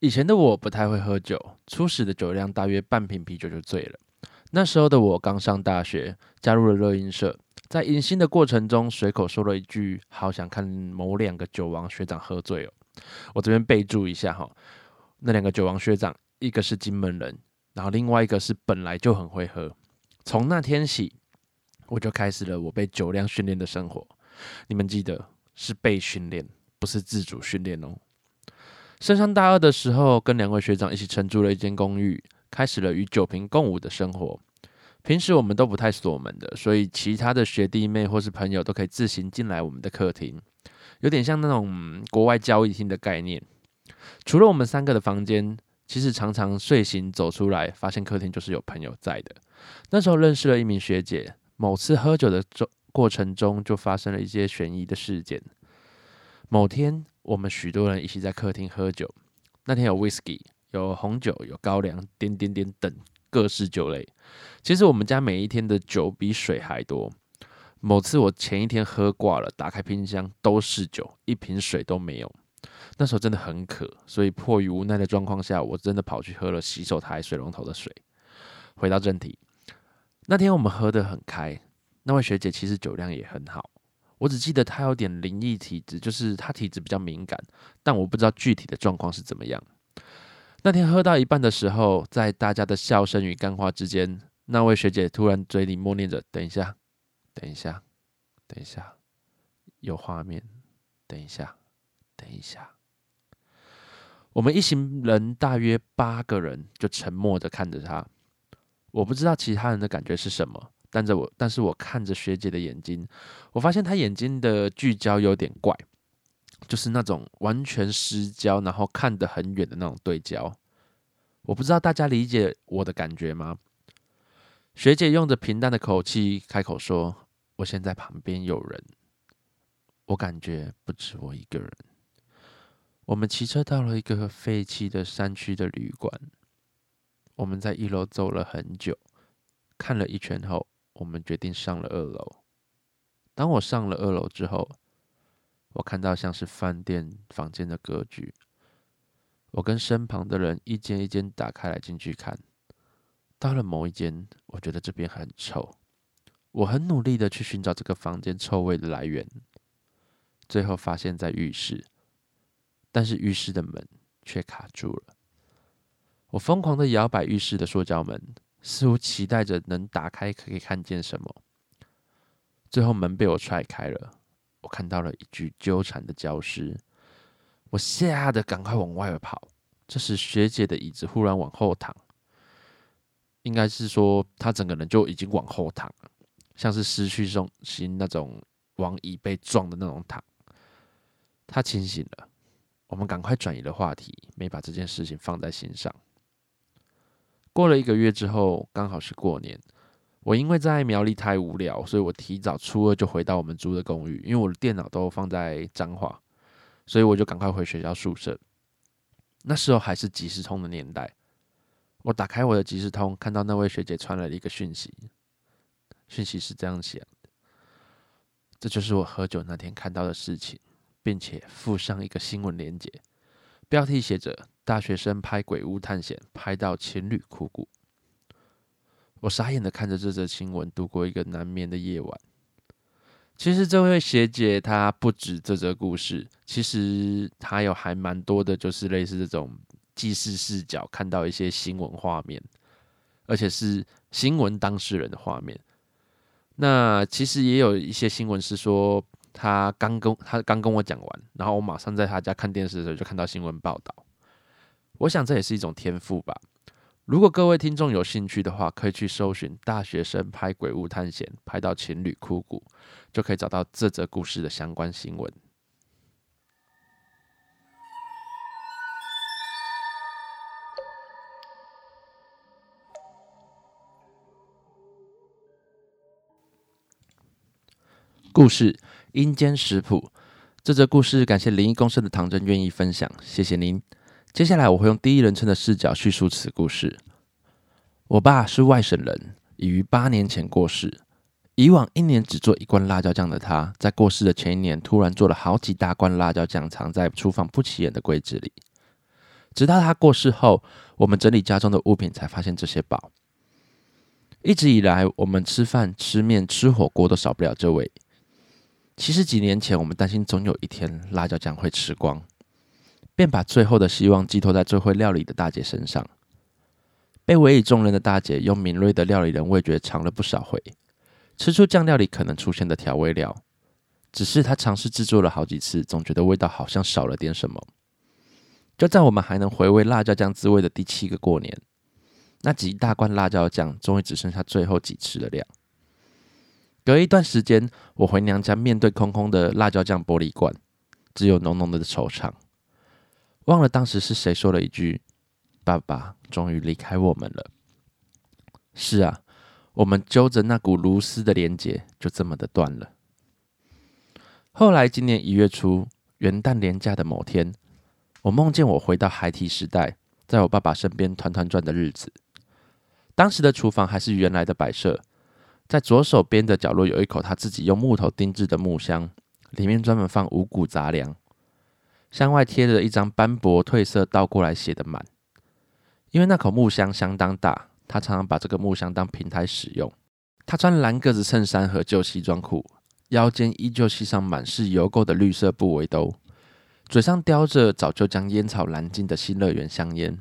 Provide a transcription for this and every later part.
以前的我不太會喝酒，初始的酒量大約半瓶啤酒就醉了。那時候的我剛上大學，加入了樂音社，在迎新的過程中，隨口說了一句：“好想看某兩個酒王學長喝醉哦。”我這邊備註一下哈，那兩個酒王學長，一個是金門人，然後另外一個是本來就很會喝。從那天起，我就開始了我被酒量訓練的生活。你們記得，是被訓練，不是自主訓練哦。升上大二的時候，跟兩位學長一起承租了一間公寓，開始了與酒瓶共舞的生活。平時我們都不太鎖門的，所以其他的學弟妹或是朋友都可以自行進來我們的客廳，有點像那種、嗯、國外交易廳的概念。除了我們三個的房間，其實常常睡醒走出來，發現客廳就是有朋友在的。那時候認識了一名學姐，某次喝酒的中過程中，就發生了一些懸疑的事件。某天。我們許多人一起在客廳喝酒，那天有威士忌、有紅酒、有高粱、點點點等各式酒類。其實我們家每一天的酒比水還多。某次我前一天喝掛了，打開冰箱都是酒，一瓶水都沒有。那時候真的很渴，所以迫於無奈的狀況下，我真的跑去喝了洗手台水龍頭的水。回到正題，那天我們喝得很開，那位學姐其實酒量也很好。我只記得他有點靈異體質，就是他體質比較敏感，但我不知道具體的狀況是怎麼樣。那天喝到一半的時候，在大家的笑聲與乾話之間，那位學姐突然嘴裡默念着：“等一下，等一下，等一下，有畫面，等一下，等一下。”我們一行人大約八個人就沉默的看着他，我不知道其他人的感覺是什麼。但是我，但是我看着學姐的眼睛，我發現她眼睛的聚焦有點怪，就是那種完全失焦，然後看得很遠的那種對焦。我不知道大家理解我的感覺嗎？學姐用着平淡的口氣開口說：“我現在旁邊有人，我感覺不止我一個人。”我們騎車到了一個廢棄的山區的旅館，我們在一樓走了很久，看了一圈後。我們決定上了二樓。當我上了二樓之後，我看到像是飯店房間的格局。我跟身旁的人一間一間打開來進去看。到了某一間，我覺得這邊很臭。我很努力的去尋找這個房間臭味的來源，最後發現在浴室，但是浴室的門卻卡住了。我瘋狂的搖擺浴室的塑膠門。似乎期待着能打開，可以看見什麼。最後門被我踹開了，我看到了一具糾纏的焦屍。我嚇得趕快往外跑。這時學姐的椅子忽然往後躺，應該是說她整個人就已經往後躺了，像是失去重心那種往椅背撞的那種躺。她清醒了，我們趕快轉移了話題，沒把這件事情放在心上。過了一個月之後，剛好是過年。我因為在苗栗太無聊，所以我提早初二就回到我們租的公寓。因為我的電腦都放在彰化，所以我就趕快回學校宿舍。那時候還是即時通的年代，我打開我的即時通，看到那位學姐傳來了一個訊息。訊息是這樣寫的：“這就是我喝酒那天看到的事情，並且附上一個新聞連結，標題寫着。”大學生拍鬼屋探險，拍到情侶枯骨。我傻眼的看着這則新聞，度過一個難眠的夜晚。其實這位學姐她不止這則故事，其實她有還蠻多的，就是類似這種記事視角，看到一些新聞畫面，而且是新聞當事人的畫面。那其實也有一些新聞是說，她剛跟他剛跟我講完，然後我馬上在他家看電視的時候，就看到新聞報道。我想這也是一種天賦吧。如果各位聽眾有興趣的話，可以去搜尋大學生拍鬼屋探險，拍到情侶枯骨，就可以找到這則故事的相關新聞。故事《陰間食譜》這則故事，感謝靈異公社的唐珍願意分享，謝謝您。接下來我會用第一人稱的視角敘述此故事。我爸是外省人，已於八年前過世。以往一年只做一罐辣椒醬的他，在過世的前一年突然做了好幾大罐辣椒醬，藏在廚房不起眼的櫃子裡。直到他過世後，我們整理家中的物品，才發現這些寶。一直以來，我們吃飯、吃麵、吃火鍋都少不了這味。其實幾年前，我們擔心總有一天辣椒醬會吃光。便把最後的希望寄託在最會料理的大姐身上。被委以重任的大姐用敏銳的料理人味覺嘗了不少回，吃出醬料裡可能出現的調味料。只是她嘗試製作了好幾次，總覺得味道好像少了點什麼。就在我們還能回味辣椒醬滋味的第七個過年，那幾大罐辣椒醬終於只剩下最後幾次的量。隔一段時間，我回娘家，面對空空的辣椒醬玻璃罐，只有濃濃的惆悵。忘了當時是誰說了一句：“爸爸終於離開我們了。”是啊，我們揪着那股如絲的連結，就這麼的斷了。後來今年一月初元旦連假的某天，我夢見我回到孩提時代，在我爸爸身邊團團轉的日子。當時的廚房還是原來的擺設，在左手邊的角落有一口他自己用木頭釘製的木箱，裡面專門放五穀雜糧。箱外貼着一張斑駁褪色、倒過來寫的“滿”，因為那口木箱相當大，他常常把這個木箱當平台使用。他穿藍格子襯衫和舊西裝褲，腰間依舊繫上滿是油垢的綠色布圍兜，嘴上叼着早就將煙草燃盡的新樂園香煙。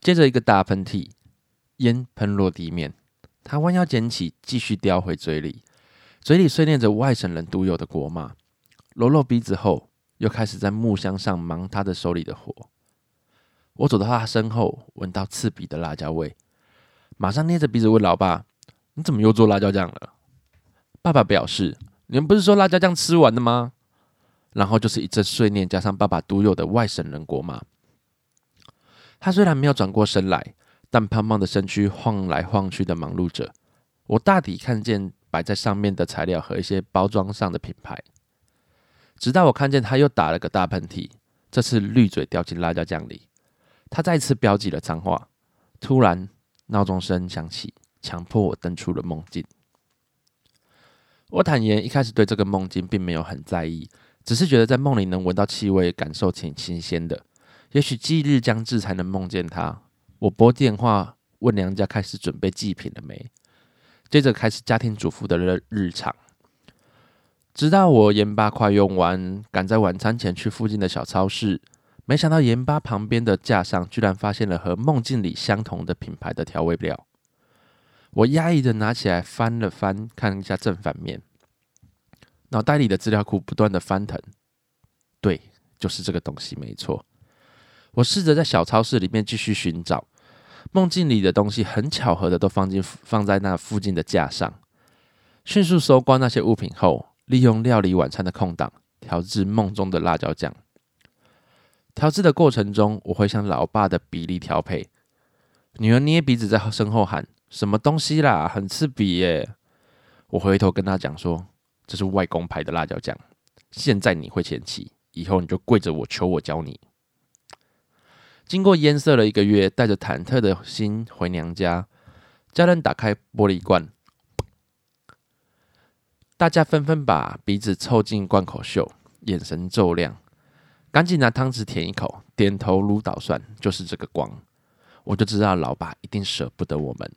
接着一個大噴嚏，煙噴落地面，他彎腰撿起，繼續叼回嘴裡，嘴裡碎念着外省人獨有的國罵，揉揉鼻子後。又開始在木箱上忙他的手裡的活，我走到他身後，聞到刺鼻的辣椒味，馬上捏着鼻子問老爸：“你怎麼又做辣椒醬了？”爸爸表示：“你們不是說辣椒醬吃完了嗎？”然後就是一陣碎念，加上爸爸獨有的外省人國罵。他雖然沒有轉過身來，但胖胖的身軀晃來晃去的忙碌着。我大體看見擺在上面的材料和一些包裝上的品牌。直到我看見他又打了個大噴嚏，這次濾嘴掉進辣椒醬裡，他再一次飆起了髒話。突然鬧鐘聲響起，強迫我登出了夢境。我坦言一開始對這個夢境並沒有很在意，只是覺得在夢裡能聞到氣味，感受挺新鮮的。也許忌日將至才能夢見他。我撥電話問娘家開始準備祭品了沒，接着開始家庭主婦的日、日常。直到我鹽巴快用完，趕在晚餐前去附近的小超市，沒想到鹽巴旁邊的架上居然發現了和夢境裡相同的品牌的調味料。我壓抑的拿起來翻了翻，看一下正反面，腦袋裡的資料庫不斷的翻騰，對，就是這個東西，沒錯。我試着在小超市裡面繼續尋找，夢境裡的東西很巧合的都放進放在那附近的架上。迅速搜刮那些物品後。利用料理晚餐的空檔，調製夢中的辣椒醬。調製的過程中，我會向老爸的比例調配。女兒捏鼻子在身後喊：“什麼東西啦，很刺鼻耶！”我回頭跟他講說：“這是外公牌的辣椒醬。現在你會嫌棄，以後你就跪着我求我教你。”經過醃漬了一個月，帶着忐忑的心回娘家，家人打開玻璃罐。大家紛紛把鼻子湊近罐口嗅，眼神驟亮，趕緊拿湯匙舔一口，點頭如搗蒜。就是這個光，我就知道老爸一定捨不得我們，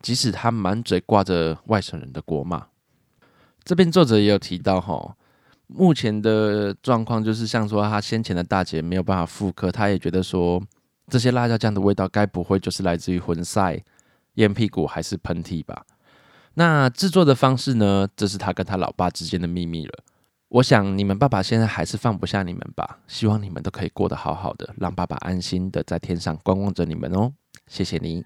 即使他滿嘴掛着外省人的國罵。這邊作者也有提到吼，目前的狀況就是像說他先前的大姐沒有辦法複刻，他也覺得說這些辣椒醬的味道該不會就是來自於混塞、煙屁股還是噴嚏吧？那製作的方式呢？這是他跟他老爸之間的秘密了。我想你們爸爸現在還是放不下你們吧？希望你們都可以過得好好的，讓爸爸安心的在天上觀望着你們哦。謝謝你。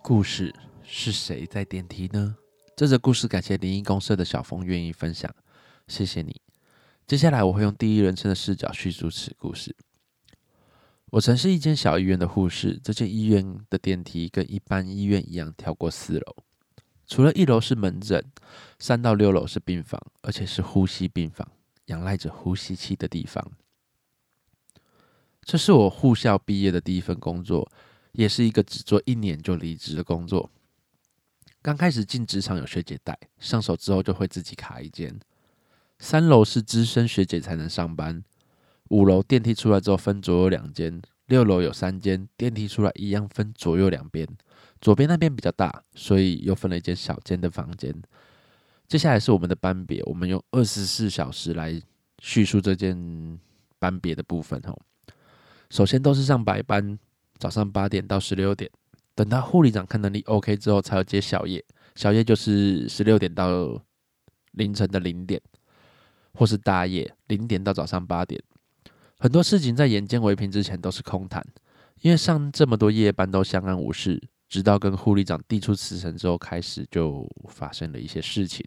故事是誰在電梯呢？這則故事感謝靈異公社的小楓願意分享，謝謝你。接下來我會用第一人稱的視角敘述此故事。我曾是一間小醫院的護士，這間醫院的電梯跟一般醫院一樣，跳過四樓。除了一樓是門診，三到六樓是病房，而且是呼吸病房，仰賴着呼吸器的地方。這是我護校畢業的第一份工作，也是一個只做一年就離職的工作。剛開始進職場有學姐帶，上手之後就會自己卡一間。三樓是資深學姐才能上班。五樓電梯出來之後分左右兩間，六樓有三間，電梯出來一樣分左右兩邊，左邊那邊比較大，所以又分了一間小間的房間。接下來是我們的班別，我們用二十四小時來敘述這間班別的部分哦。首先都是上白班，早上八點到十六點，等他護理長看能力 OK 之後，才有接小夜。小夜就是十六點到凌晨的零點，或是大夜零點到早上八點。很多事情在眼見為憑之前都是空談，因為上這麼多夜班都相安無事，直到跟護理長遞出辭呈之後，開始就發生了一些事情。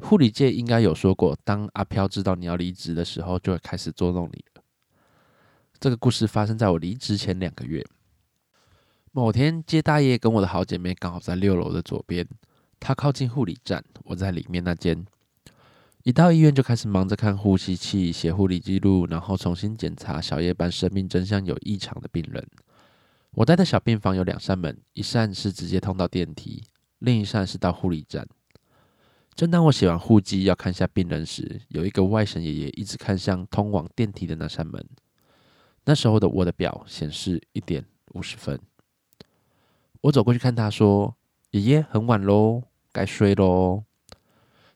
護理界應該有說過，當阿飄知道你要離職的時候，就會開始捉弄你了。這個故事發生在我離職前兩個月。某天，接大夜跟我的好姐妹剛好在六樓的左邊，他靠近護理站，我在裡面那間。一到醫院就開始忙着看呼吸器、寫護理記錄，然後重新檢查小夜班生命真相有異常的病人。我待的小病房有兩扇門，一扇是直接通到電梯，另一扇是到護理站。正當我寫完護記要看一下病人時，有一個外省爺爺一直看向通往電梯的那扇門。那時候的我的表顯示一點五十分，我走過去看他說：“爺爺，很晚嘍，該睡嘍。”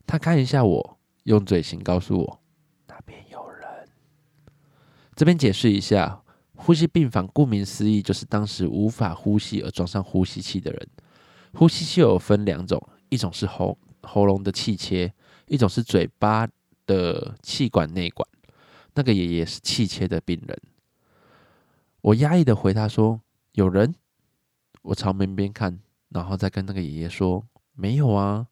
他看一下我。用嘴型告訴我，那邊有人。這邊解釋一下，呼吸病房顧名思義就是當時無法呼吸而裝上呼吸器的人。呼吸器有分兩種，一種是喉喉嚨的氣切，一種是嘴巴的氣管內管。那個爺爺是氣切的病人。我壓抑的回答說：“有人。”我朝門邊看，然後再跟那個爺爺說：“沒有啊。”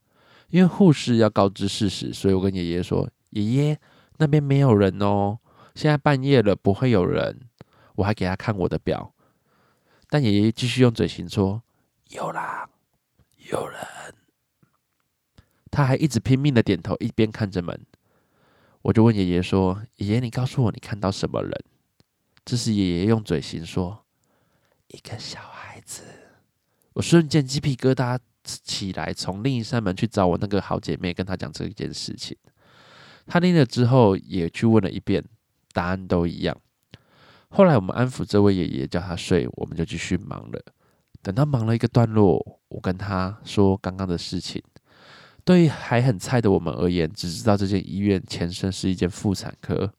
因為護士要告知事實，所以我跟爺爺說：“爺爺，那邊沒有人哦，現在半夜了，不會有人。”我還給他看我的表，但爺爺繼續用嘴型說：“有啦，有人，有人。”他還一直拼命的點頭，一邊看着門。我就問爺爺說：“爺爺，你告訴我，你看到什麼人？”這時爺爺用嘴型說：“一個小孩子。”我瞬間雞皮疙瘩。起來，從另一扇門去找我那個好姐妹，跟她講這一件事情。她聽了之後，也去問了一遍，答案都一樣。後來我們安撫這位爺爺，叫他睡，我們就繼續忙了。等她忙了一個段落，我跟他說剛剛的事情。對於還很菜的我們而言，只知道這間醫院前身是一間婦產科。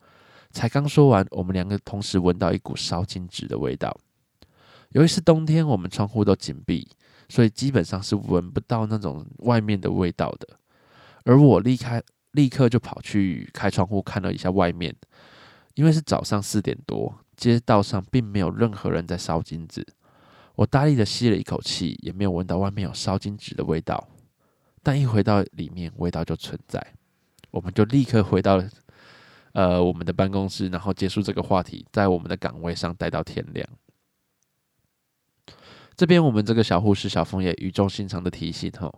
才剛說完，我們兩個同時聞到一股燒金紙的味道。由於是冬天，我們窗戶都緊閉。所以基本上是聞不到那種外面的味道的，而我立刻立刻就跑去開窗戶看了一下外面，因為是早上四點多，街道上並沒有任何人在燒金紙。我大力的吸了一口氣，也沒有聞到外面有燒金紙的味道。但一回到裡面，味道就存在。我們就立刻回到呃我們的辦公室，然後結束這個話題，在我們的崗位上待到天亮。這邊我們這個小護士小楓也語重心長的提醒吼、哦：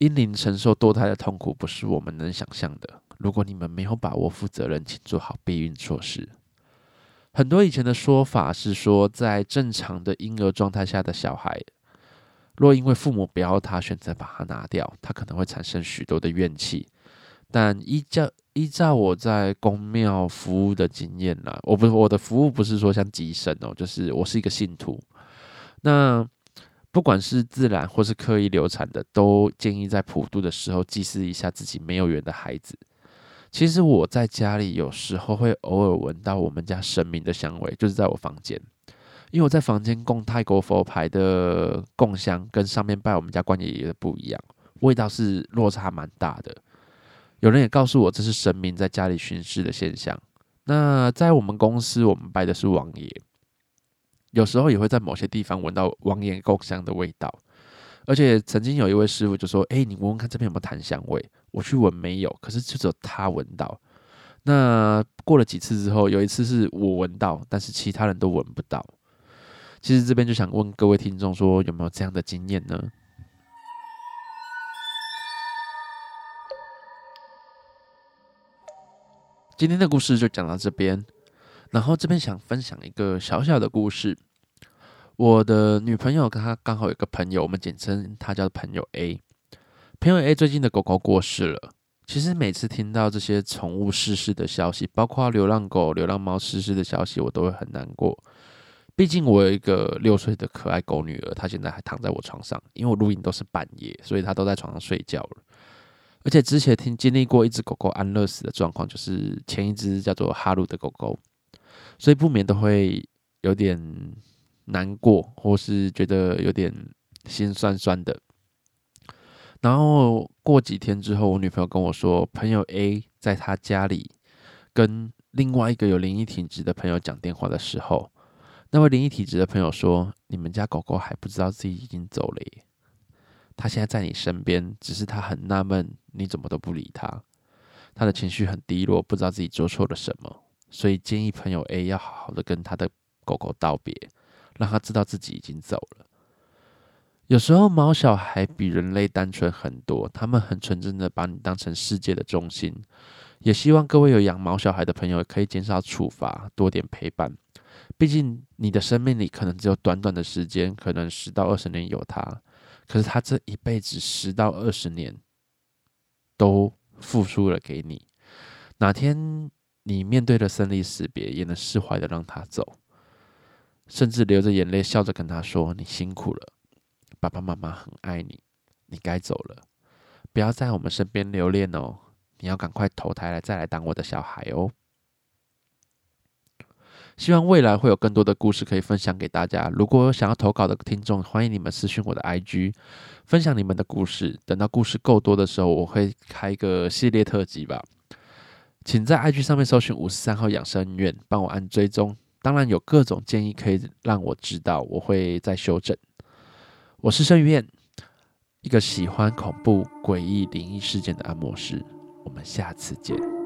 嬰靈承受墮胎的痛苦不是我們能想象的。如果你們沒有把握負責任，請做好避孕措施。很多以前的說法是說，在正常的嬰兒狀態下的小孩，若因為父母不要他，選擇把他拿掉，他可能會產生許多的怨氣。但依照依照我在宮廟服務的經驗啦，我不是我的服務不是說像乩身哦，就是我是一個信徒。那不管是自然或是刻意流產的，都建議在普渡的時候祭祀一下自己沒有緣的孩子。其實我在家裡有時候會偶爾聞到我們家神明的香味，就是在我房間，因為我在房間供泰國佛牌的供香，跟上面拜我們家關爺爺的不一樣，味道是落差蠻大的。有人也告訴我，這是神明在家裡巡視的現象。那在我們公司，我們拜的是王爺。有時候也會在某些地方聞到王岩共香的味道，而且曾經有一位師傅就說：“哎、欸，你聞聞看這邊有沒有檀香味？”我去聞沒有，可是就只有他聞到。那過了幾次之後，有一次是我聞到，但是其他人都聞不到。其實這邊就想問各位聽眾說，有沒有這樣的經驗呢？今天的故事就講到這邊。然後這邊想分享一個小小的故事。我的女朋友跟她剛好有一個朋友，我們簡稱她叫朋友 A。朋友 A 最近的狗狗過世了。其實每次聽到這些寵物逝世的消息，包括流浪狗、流浪貓逝世的消息，我都會很難過。畢竟我有一個六歲的可愛狗女兒，她現在還躺在我床上。因為我錄音都是半夜，所以她都在床上睡覺了。而且之前聽經歷過一只狗狗安樂死的狀況，就是前一只叫做哈魯的狗狗。所以不免都會有點難過，或是覺得有點心酸酸的。然後過幾天之後，我女朋友跟我說，朋友 A 在他家裡跟另外一個有靈異體質的朋友講電話的時候，那位靈異體質的朋友說：“你們家狗狗還不知道自己已經走了耶，他現在在你身邊，只是他很納悶，你怎麼都不理他，他的情緒很低落，不知道自己做錯了什麼。”所以建議朋友 A 要好好的跟他的狗狗道別，讓他知道自己已經走了。有時候毛小孩比人類單純很多，他們很純真的把你當成世界的中心。也希望各位有養毛小孩的朋友可以減少處罰，多點陪伴。畢竟你的生命裡可能只有短短的時間，可能十到二十年有他，可是他這一輩子十到二十年都付出了給你。哪天，你面對了生離死別，也能釋懷的讓他走，甚至流着眼淚笑着跟他說：“你辛苦了，爸爸媽媽很愛你，你該走了，不要在我們身邊留戀哦，你要趕快投胎來再來當我的小孩哦。”希望未來會有更多的故事可以分享給大家。如果想要投稿的聽眾，歡迎你們私訊我的 IG，分享你們的故事。等到故事夠多的時候，我會開一個系列特輯吧。請在 IG 上面搜尋五十三號養生怨，幫我按追蹤。當然有各種建議可以讓我知道，我會再修正。我是生魚片，一個喜歡恐怖、詭異、靈異事件的按摩師。我們下次見。